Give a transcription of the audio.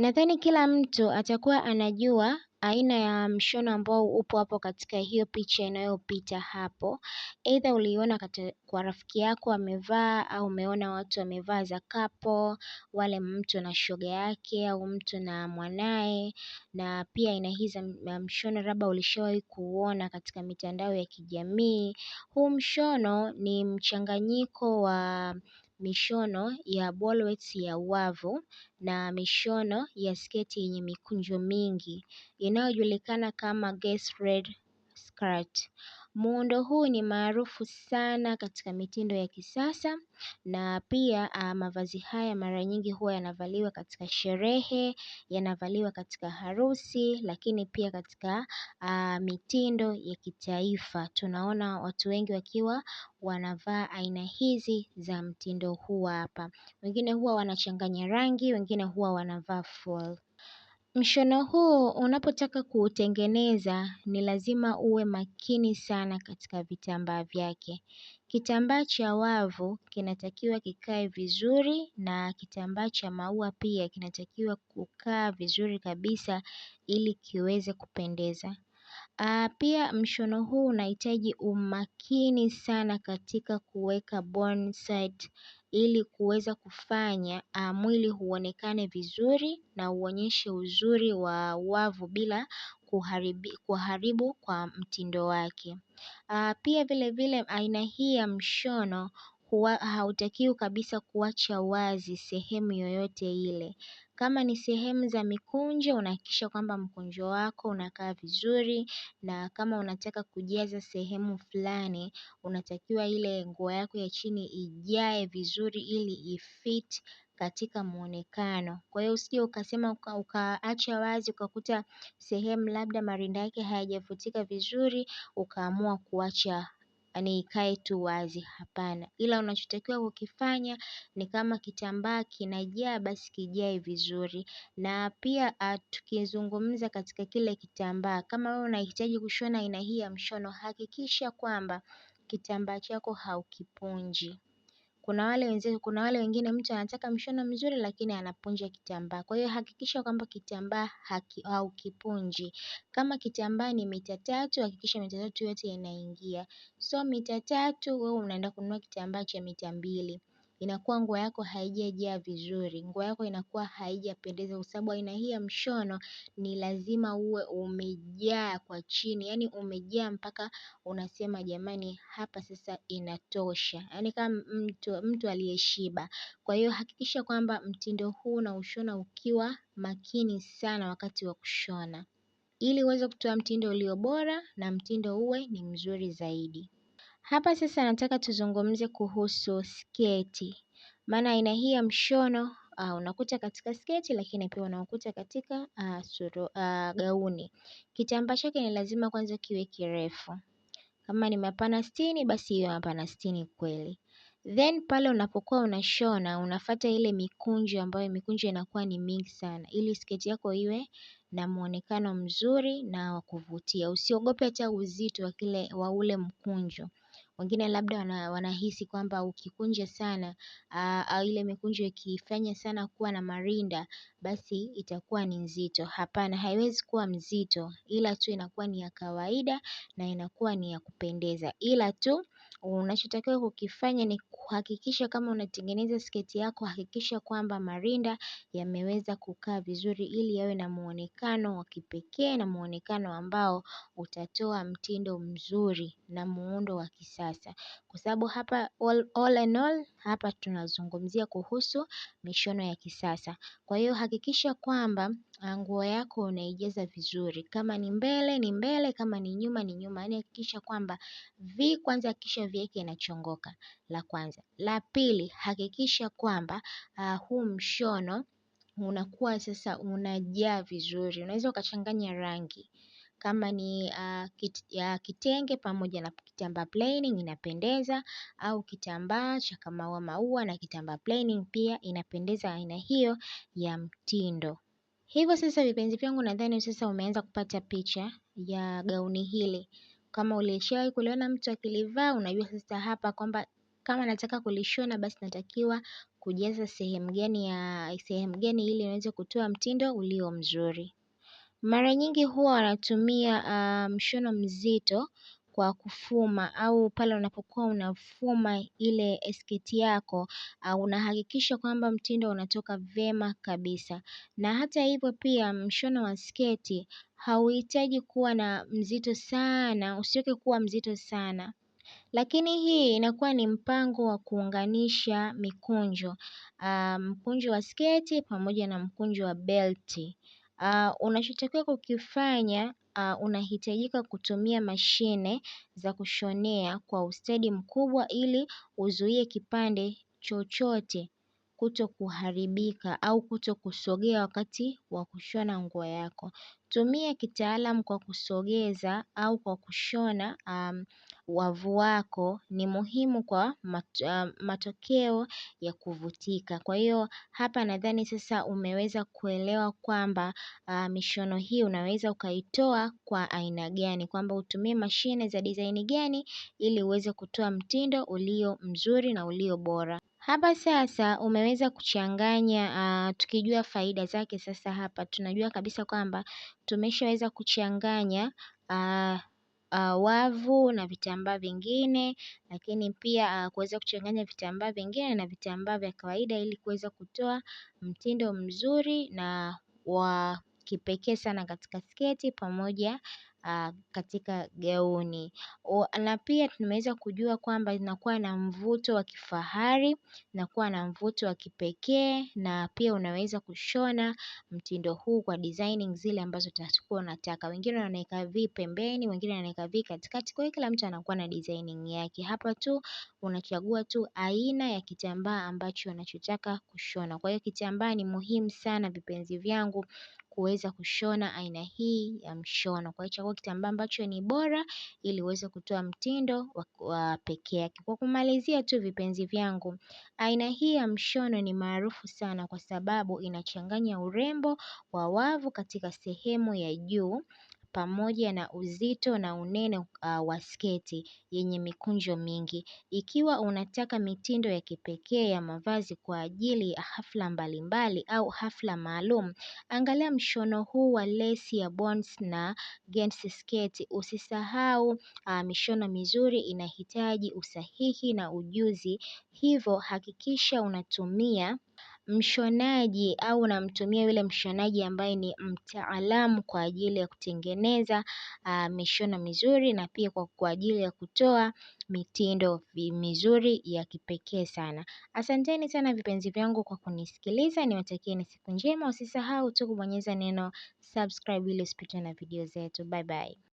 Nadhani kila mtu atakuwa anajua aina ya mshono ambao upo hapo katika hiyo picha inayopita hapo. Aidha uliona kwa rafiki yako amevaa au umeona watu wamevaa za kapo, wale mtu na shoga yake au mtu na mwanaye na pia aina hii za mshono labda ulishawahi kuuona katika mitandao ya kijamii. Huu mshono ni mchanganyiko wa mishono ya bolwets ya wavu na mishono ya sketi yenye mikunjo mingi inayojulikana kama "Guess Red Skirt". Muundo huu ni maarufu sana katika mitindo ya kisasa na pia ah, mavazi haya mara nyingi huwa yanavaliwa katika sherehe, yanavaliwa katika harusi lakini pia katika ah, mitindo ya kitaifa. Tunaona watu wengi wakiwa wanavaa aina hizi za mtindo huu hapa. Wengine huwa wanachanganya rangi, wengine huwa wanavaa full Mshono huu unapotaka kuutengeneza ni lazima uwe makini sana katika vitambaa vyake. Kitambaa cha wavu kinatakiwa kikae vizuri na kitambaa cha maua pia kinatakiwa kukaa vizuri kabisa ili kiweze kupendeza. Pia mshono huu unahitaji umakini sana katika kuweka bonsai ili kuweza kufanya ah, mwili huonekane vizuri na uonyeshe uzuri wa wavu bila kuharibu kwa mtindo wake. Ah, pia vilevile aina hii ya mshono hautakiwi kabisa kuacha wazi sehemu yoyote ile. Kama ni sehemu za mikunjo unahakikisha kwamba mkunjo wako unakaa vizuri na kama unataka kujaza sehemu fulani unatakiwa ile nguo yako ya chini ijae vizuri ili ifit katika muonekano. Kwa hiyo usije ukasema ukaacha wazi ukakuta sehemu labda marinda yake hayajafutika vizuri ukaamua kuacha yaani ikae tu wazi hapana ila unachotakiwa kukifanya ni kama kitambaa kinajaa basi kijae vizuri na pia ah, tukizungumza katika kile kitambaa kama wewe unahitaji kushona aina hii ya mshono hakikisha kwamba kitambaa chako haukipunji. Kuna wale wengine mtu anataka mshono mzuri lakini anapunja kitambaa. Kwa hiyo hakikisha kwamba kitambaa haukipunji Kama kitambaa ni mita tatu hakikisha mita tatu yote inaingia. So mita tatu wewe unaenda kununua kitambaa cha mita mbili inakuwa nguo yako haijajaa vizuri, nguo yako inakuwa haijapendeza kwa sababu aina hii ya mshono ni lazima uwe umejaa kwa chini, yaani umejaa mpaka unasema jamani hapa sasa inatosha, yaani kama mtu, mtu aliyeshiba. Kwa hiyo hakikisha kwamba mtindo huu unaushona ukiwa makini sana wakati wa kushona. Ili uweze kutoa mtindo ulio bora na mtindo uwe ni mzuri zaidi. Hapa sasa nataka tuzungumze kuhusu sketi. Maana aina hii ya mshono uh, unakuta katika sketi lakini pia unakuta katika uh, suru, uh, gauni. Kitambaa chake ni lazima kwanza kiwe kirefu. Kama ni mapana sitini basi hiyo mapana sitini kweli. Then pale unapokuwa unashona unafata ile mikunjo ambayo mikunjo inakuwa ni mingi sana ili sketi yako iwe na muonekano mzuri na wa kuvutia. Usiogope hata uzito wa kile wa ule mkunjo. Wengine labda wana wanahisi kwamba ukikunja sana ah, au ile mikunjo ikifanya sana kuwa na marinda basi itakuwa ni nzito. Hapana haiwezi kuwa mzito ila tu inakuwa ni ya kawaida na inakuwa ni ya kupendeza ila tu. Unachotakiwa kukifanya ni kuhakikisha kama unatengeneza sketi yako hakikisha kwamba marinda yameweza kukaa vizuri ili yawe na muonekano wa kipekee na muonekano ambao utatoa mtindo mzuri na muundo wa kisasa. Kwa sababu hapa all and all hapa tunazungumzia kuhusu mishono ya kisasa. Kwa hiyo hakikisha kwamba nguo yako unaijaza vizuri kama ni mbele ni mbele kama ni nyuma ni nyuma yaani hakikisha kwamba vi kwanza hakikisha vi yake inachongoka la kwanza la pili hakikisha kwamba ah, huu mshono unakuwa sasa unajaa vizuri unaweza ukachanganya rangi kama ni ah, ah, kitenge pamoja na kitambaa plaining inapendeza au kitambaa cha kamaua maua na kitambaa plaining pia inapendeza aina hiyo ya mtindo. Hivyo sasa vipenzi vyangu nadhani sasa umeanza kupata picha ya gauni hili. Kama ulishawahi kuliona mtu akilivaa, unajua sasa hapa kwamba kama nataka kulishona basi natakiwa kujaza sehemu gani ya sehemu gani ili niweze kutoa mtindo ulio mzuri. Mara nyingi huwa wanatumia ah, mshono mzito kwa kufuma au pale unapokuwa unafuma ile sketi yako ah, unahakikisha kwamba mtindo unatoka vyema kabisa na hata hivyo pia mshono wa sketi hauhitaji kuwa na mzito sana usiweke kuwa mzito sana lakini hii inakuwa ni mpango wa kuunganisha mikunjo ah, mkunjo wa sketi pamoja na mkunjo wa belti. Ah, unachotakiwa kukifanya ah, unahitajika kutumia mashine za kushonea kwa ustadi mkubwa ili uzuie kipande chochote kuto kuharibika au kuto kusogea wakati wa kushona nguo yako. Tumia kitaalamu kwa kusogeza au kwa kushona wavu wako ni muhimu kwa ah, matokeo ya kuvutika. Kwa hiyo hapa nadhani sasa umeweza kuelewa kwamba ah, mishono hii unaweza ukaitoa kwa aina gani kwamba utumie mashine za design gani ili uweze kutoa mtindo ulio mzuri na ulio bora. Hapa sasa umeweza kuchanganya ah, tukijua faida zake sasa hapa tunajua kabisa kwamba tumeshaweza kuchanganya Ah, wavu na vitambaa vingine, lakini pia ah, kuweza kuchanganya vitambaa vingine na vitambaa vya kawaida ili kuweza kutoa mtindo mzuri na wa kipekee sana katika sketi pamoja Ah, katika gauni na pia tumeweza kujua kwamba inakuwa na mvuto wa kifahari inakuwa na mvuto wa kipekee na pia unaweza kushona mtindo huu kwa designing zile ambazo utakuwa unataka wengine wanaweka vi pembeni wengine wanaweka vi katikati kwa hiyo kila mtu anakuwa na designing yake hapa tu unachagua tu aina ya kitambaa ambacho unachotaka kushona kwa hiyo kitambaa ni muhimu sana vipenzi vyangu kuweza kushona aina hii ya mshono. Kwa hiyo chagua kitambaa ambacho ni bora ili uweze kutoa mtindo wa peke yake. Kwa kumalizia tu vipenzi vyangu, aina hii ya mshono ni maarufu sana kwa sababu inachanganya urembo wa wavu katika sehemu ya juu pamoja na uzito na unene uh, wa sketi yenye mikunjo mingi, ikiwa unataka mitindo ya kipekee ya mavazi kwa ajili ya hafla mbalimbali au hafla maalum angalia mshono huu wa lesi ya bonds na gents sketi. Usisahau uh, mishono mizuri inahitaji usahihi na ujuzi, hivyo hakikisha unatumia mshonaji au unamtumia yule mshonaji ambaye ni mtaalamu kwa ajili ya kutengeneza ah, mishono mizuri na pia kwa ajili ya kutoa mitindo mizuri ya kipekee sana. Asanteni sana vipenzi vyangu kwa kunisikiliza niwatakieni siku njema usisahau tu kubonyeza neno subscribe ili usipitwe na video zetu bye bye.